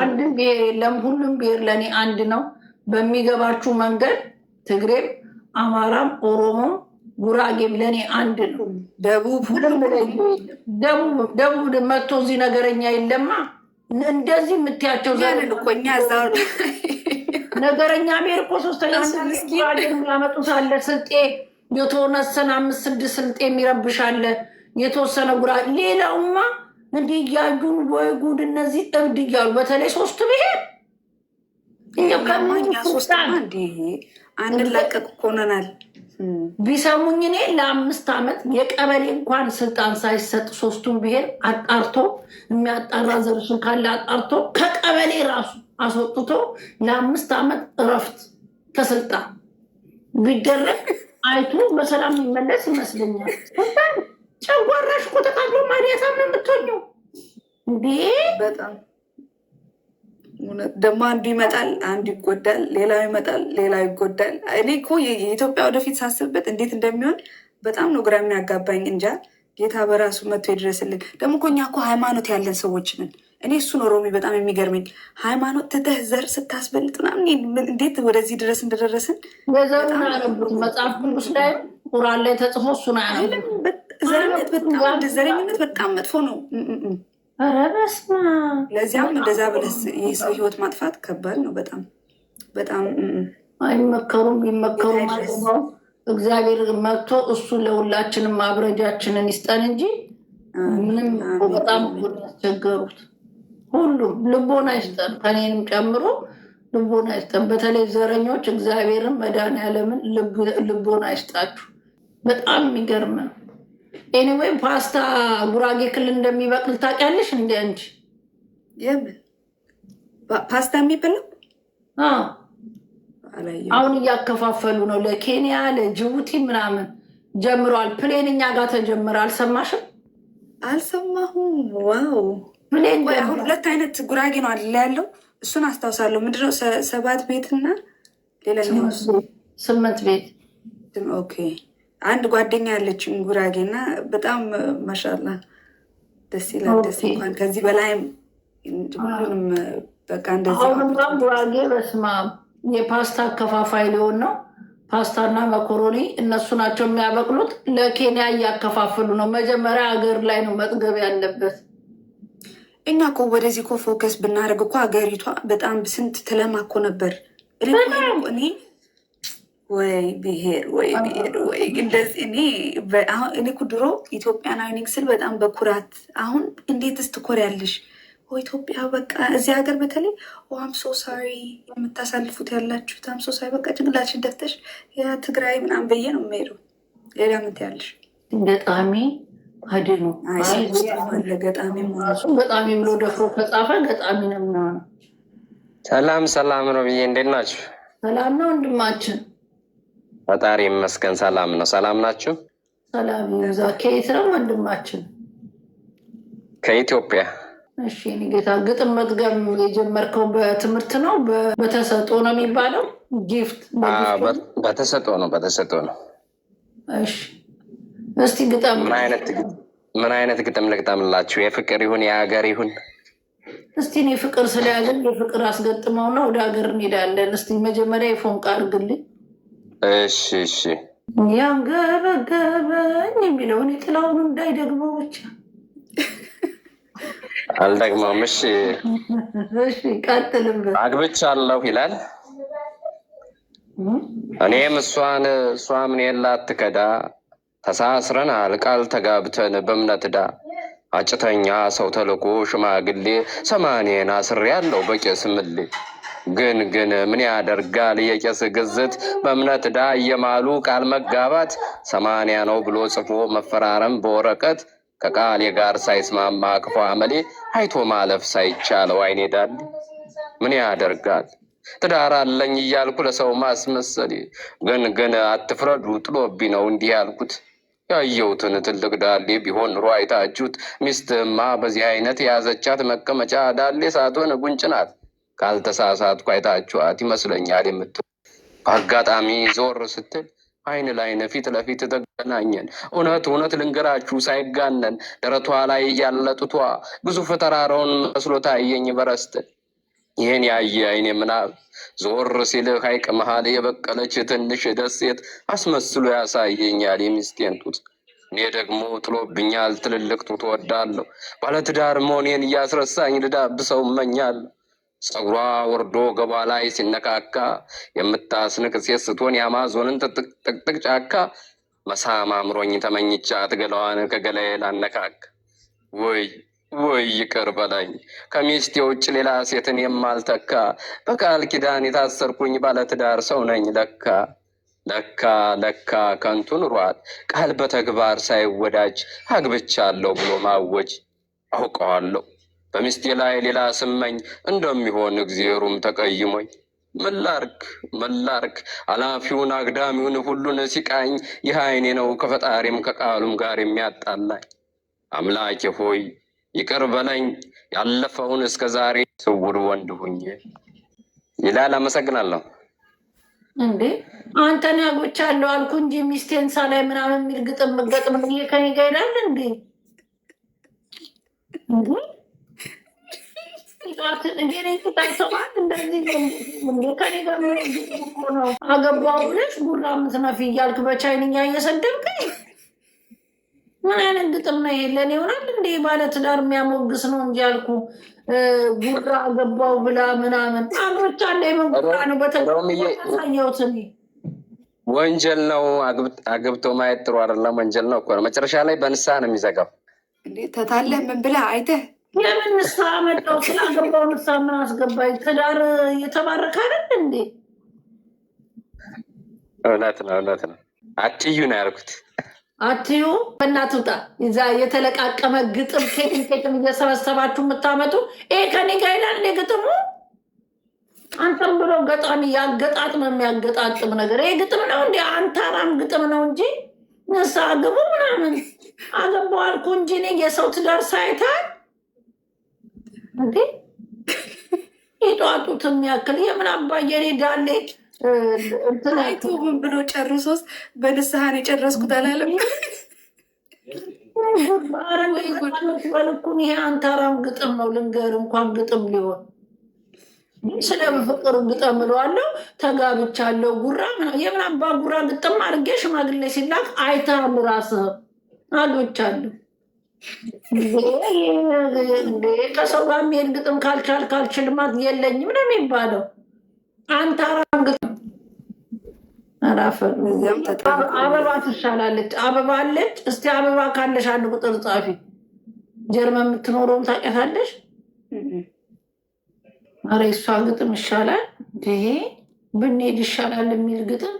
አንድ ብሔር የለም፣ ሁሉም ብሔር ለእኔ አንድ ነው። በሚገባችሁ መንገድ ትግሬም፣ አማራም፣ ኦሮሞም፣ ጉራጌም ለእኔ አንድ ነው። ደቡብ ደቡብ መጥቶ እዚህ ነገረኛ የለማ እንደዚህ የምትያቸው ነገረኛ ብሔር እኮ ሶስተኛ የሚያመጡ ሳለ ስልጤ የተወሰነ አምስት ስድስት ስልጤ የሚረብሻለ የተወሰነ ጉራ ሌላውማ እንዲህ እያዩን ወይ ጉድ! እነዚህ እብድ እያሉ በተለይ ሶስቱ ብሄር አንላቀቅ ቢሰሙኝ እኔ ለአምስት ዓመት የቀበሌ እንኳን ስልጣን ሳይሰጥ ሶስቱን ብሄር አጣርቶ የሚያጣራ ዘርሱን ካለ አጣርቶ ከቀበሌ ራሱ አስወጥቶ ለአምስት ዓመት እረፍት ከስልጣን ቢደረግ አይቱ በሰላም የሚመለስ ይመስለኛል። ጨጓራሽ እኮ ተቃጥሎ ማዲያታ ምን የምትሆኘው። እንዴ በጣም ደግሞ አንዱ ይመጣል፣ አንዱ ይጎዳል፣ ሌላው ይመጣል፣ ሌላው ይጎዳል። እኔ እኮ የኢትዮጵያ ወደፊት ሳስብበት እንዴት እንደሚሆን በጣም ነው ግራ የሚያጋባኝ። እንጃ ጌታ በራሱ መጥቶ ይድረስልን። ደግሞ እኮ እኛ እኮ ሃይማኖት ያለን ሰዎች ነን። እኔ እሱ ነው ሮሚ በጣም የሚገርመኝ ሃይማኖት ትተህ ዘር ስታስበልጥ ምናምን እንዴት ወደዚህ ድረስ እንደደረስን የዘሩን አያነብሩም። መጽሐፍ ቅዱስ ላይ ቁራን ላይ ተጽፎ እሱን አያነብሩም። ዘረኝነት በጣም ዘረኝነት በጣም መጥፎ ነው። ለዚያም እንደዛ የሰው ህይወት ማጥፋት ከባድ ነው። በጣም በጣም አይመከሩም። ቢመከሩ እግዚአብሔር መጥቶ እሱ ለሁላችንም ማብረጃችንን ይስጠን እንጂ ምንም በጣም ያስቸገሩት ሁሉም ልቦና ይስጠን፣ ከኔንም ጨምሮ ልቦና ይስጠን። በተለይ ዘረኞች እግዚአብሔርን መድኃኒዓለምን ልቦና ይስጣችሁ። በጣም የሚገርም ነው። ኤኒዌይ ፓስታ ጉራጌ ክልል እንደሚበቅል ታውቂያለሽ? እንደ እንጂ ፓስታ የሚበላው አሁን እያከፋፈሉ ነው። ለኬንያ ለጅቡቲ ምናምን ጀምረዋል። ፕሌን እኛ ጋር ተጀምረ፣ አልሰማሽም? አልሰማሁም። ዋው ፕሌን ሁለት አይነት ጉራጌ ነው አለ ያለው። እሱን አስታውሳለሁ። ምንድነው ሰባት ቤትና ሌላኛው ስምንት ቤት ኦኬ አንድ ጓደኛ ጉራጌ ጉራጌና በጣም ማሻላ ደስ ይላል። ደስ እንኳን ከዚህ በላይም ሁሉንም በቃ እንደዚህ ጉራጌ በስማ የፓስታ አከፋፋይ ሊሆን ነው። ፓስታና መኮሮኒ እነሱ ናቸው የሚያበቅሉት። ለኬንያ እያከፋፈሉ ነው። መጀመሪያ ሀገር ላይ ነው መጥገብ ያለበት። እኛ ኮ ወደዚህ ኮ ፎከስ ብናደርግ እኮ ሀገሪቷ በጣም ስንት ትለማ እኮ ነበር። እኔ ወይ ብሄር ወይ ብሄር ወይ እንደዚህ እኔ እኔ እኮ ድሮ ኢትዮጵያን አይኒግ ስል በጣም በኩራት አሁን እንዴት ስትኮር ያለሽ ኢትዮጵያ በቃ እዚህ ሀገር በተለይ አምሶ ሳሪ የምታሳልፉት ያላችሁት አም ሳሪ በቃ ጭንቅላችን ደፍተሽ ትግራይ ምናምን ብዬ ነው የምሄደው። ሌላ ምን ያለሽ ገጣሚ አድኑ ገጣሚ ገጣሚ ብሎ ደፍሮ ከጻፈ ገጣሚ ነው የሚሆነው። ሰላም ሰላም ነው ብዬ እንዴት ናችሁ? ሰላም ነው ወንድማችን ፈጣሪ ይመስገን ሰላም ነው። ሰላም ናችሁ? ሰላም ይብዛ። ከየት ነው ወንድማችን? ከኢትዮጵያ። እሺ ጌታ ግጥም መጥገም የጀመርከው በትምህርት ነው በተሰጦ ነው የሚባለው? ጊፍት በተሰጦ ነው በተሰጦ ነው። እሺ እስቲ ግጠም። ምን አይነት ግጥም ልግጠምላችሁ? የፍቅር ይሁን የሀገር ይሁን እስቲ እኔ ፍቅር ስለያዘን የፍቅር አስገጥመውና ወደ ሀገር እንሄዳለን። እስቲ መጀመሪያ የፎንቃ አድርግልኝ እሺ እሺ ያንገበገበኝ የሚለውን የጥላውን እንዳይደግመው ብቻ አልደግመውም። እሺ እሺ፣ ቀጥልበት። አግብቻለሁ ይላል። እኔም እሷን እሷም እኔን ላትከዳ ተሳስረናል ቃል ተጋብተን በእምነት ዳ አጭተኛ ሰው ተልኮ ሽማግሌ ሰማኔን አስሬ ያለው በቄ ስምሌ ግን ግን ምን ያደርጋል የቄስ ግዝት በእምነት ዳ እየማሉ ቃል መጋባት ሰማንያ ነው ብሎ ጽፎ መፈራረም በወረቀት ከቃሌ ጋር ሳይስማማ ክፉ አመሌ አይቶ ማለፍ ሳይቻለው አይኔ ዳል ምን ያደርጋል ትዳር አለኝ እያልኩ ለሰው ማስመሰል ግን ግን አትፍረዱ ጥሎብኝ ነው እንዲህ ያልኩት ያየሁትን ትልቅ ዳሌ ቢሆን ኑሮ አይታችሁት ሚስትማ በዚህ አይነት የያዘቻት መቀመጫ ዳሌ ሳትሆን ጉንጭ ናት ካልተሳሳትኩ አይታችኋት ይመስለኛል የምትሆን በአጋጣሚ ዞር ስትል አይን ላይን ፊት ለፊት ተገናኘን። እውነት እውነት ልንገራችሁ ሳይጋነን ደረቷ ላይ ያለ ጡቷ ግዙፍ ተራራውን መስሎ ታየኝ በረስት። ይህን ያየ አይኔ ምናብ ዞር ሲል ሐይቅ መሀል የበቀለች ትንሽ ደሴት አስመስሎ ያሳየኛል የሚስቴን ጡት። እኔ ደግሞ ጥሎብኛል ትልልቅ ጡት ወዳለሁ። ባለትዳር መሆኔን እያስረሳኝ ልዳብሰው እመኛለሁ። ጸጉሯ ወርዶ ገቧ ላይ ሲነካካ የምታስንቅ ሴት ስትሆን የአማዞንን ጥቅጥቅ ጫካ መሳም አምሮኝ ተመኝቻት ገላዋን ከገላዬ ላነካክ ወይ ወይ ይቅር በለኝ ከሚስቴ ውጭ ሌላ ሴትን የማልተካ በቃል ኪዳን የታሰርኩኝ ባለትዳር ሰው ነኝ ለካ ለካ ለካ ከንቱን ኑሯት ቃል በተግባር ሳይወዳጅ አግብቻለሁ ብሎ ማወጅ አውቀዋለሁ። በሚስቴ ላይ ሌላ ስመኝ እንደሚሆን እግዜሩም ተቀይሞኝ መላርክ መላርክ አላፊውን አግዳሚውን ሁሉን ሲቃኝ ይህ አይኔ ነው ከፈጣሪም ከቃሉም ጋር የሚያጣላኝ። አምላኬ ሆይ ይቅር በለኝ ያለፈውን እስከ ዛሬ ስውር ወንድ ሁኜ ይላል። አመሰግናለሁ። እንዴ አንተን ያጎቻለሁ አልኩ እንጂ ሚስቴንሳ ላይ ምናምን የሚል ግጥም ገጥም ከኔ ጋ ይላል እንዴ? አገባሁ ብለሽ ጉራ ምትነፊ እያልክ በቻይንኛ እየሰደብከኝ ምን አይነት ግጥም ነው ይሆናል እንደ የሚያሞግስ ነው እንጂ ያልኩ ጉራ ብላ ምናምን ነው በተሳየውት ወንጀል ነው። አግብቶ ማየት ጥሩ አይደለም፣ ወንጀል ነው እኮ ነው። መጨረሻ ላይ በንስሐ ነው የሚዘጋው። ተታለ ምን ብላ አይተህ የምን ንስሐ መጣው? ስላገባው ንስሐ ምን አስገባኝ? ትዳር እየተባረከ አይደል እንዴ? እውነት ነው፣ እውነት ነው። አትዩ ነው ያልኩት። አትዩ በእናት ውጣ። እዛ የተለቃቀመ ግጥም ኬትን ኬትን እየሰበሰባችሁ የምታመጡ ይሄ ከኔ ጋር ሄዳል ግጥሙ። አንተም ብሎ ገጣሚ ያገጣጥም የሚያገጣጥም ነገር ይሄ ግጥም ነው እንዲ አንታራም ግጥም ነው እንጂ ንስሐ ግቡ ምናምን አገባው አልኩ እንጂ እኔ የሰው ትዳር ሳይታል እንዴ የጠዋቱት የሚያክል የምን አባዬ ዳሌ ብሎ ጨርሶስ በንስሐን የጨረስኩት አላለም። በልኩን ይሄ አንታራም ግጥም ነው። ልንገር እንኳን ግጥም ሊሆን ፍቅር እለዋለሁ። ተጋብቻለሁ ጉራ የምን አባ ጉራ ግጥም አድርጌ ሽማግሌ ሲላክ አይታም ራስህ ከሰው ጋር የሚሄድ ግጥም ካልቻል ካልችልማት የለኝም ነው የሚባለው። አንተ አራም ግጥም አበባ ትሻላለች። አበባ አለች። እስቲ አበባ ካለሽ አንድ ቁጥር ጻፊ። ጀርመን የምትኖረውም ታውቂያታለሽ። ኧረ እሷ ግጥም ይሻላል፣ ይሄ ብንሄድ ይሻላል የሚል ግጥም